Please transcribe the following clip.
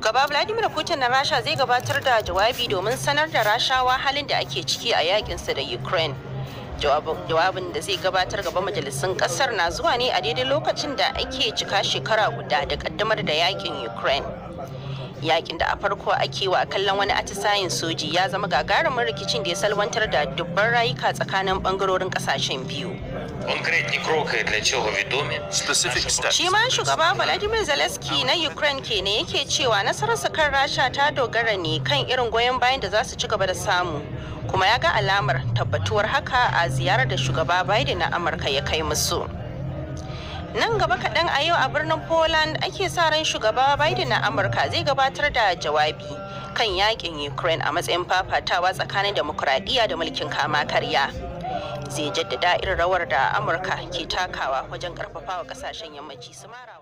Gaba Vladimir Putin na Rasha zai gabatar da jawabi domin sanar da Rashawa halin da ake ciki a yakinsa da Ukraine. Jawabin da zai gabatar gaba majalisun kasar na zuwa ne a daidai lokacin da ake cika shekara guda da kaddamar da yakin Ukraine. yakin da a farko ake wa kallon wani atisayin soji ya zama gagarumin rikicin da ya salwantar da dubban rayuka tsakanin bangarorin kasashen biyu shi ma shugaba vladimir zelensky na ukraine ke ne yake cewa nasararsa kan rasha ta dogara ne kan irin goyon bayan da za su ci gaba da samu kuma ya ga alamar tabbatuwar haka a ziyarar da shugaba biden na amurka ya kai musu Nan gaba kaɗan a yau a birnin Poland ake sa ran shugaba Biden na Amurka zai gabatar da jawabi kan yakin Ukraine a matsayin fafatawa tsakanin demokuraɗiyya da mulkin kama karya. Zai jaddada irin rawar da Amurka ke takawa wajen ƙarfafawa ƙasashen yammaci su mara.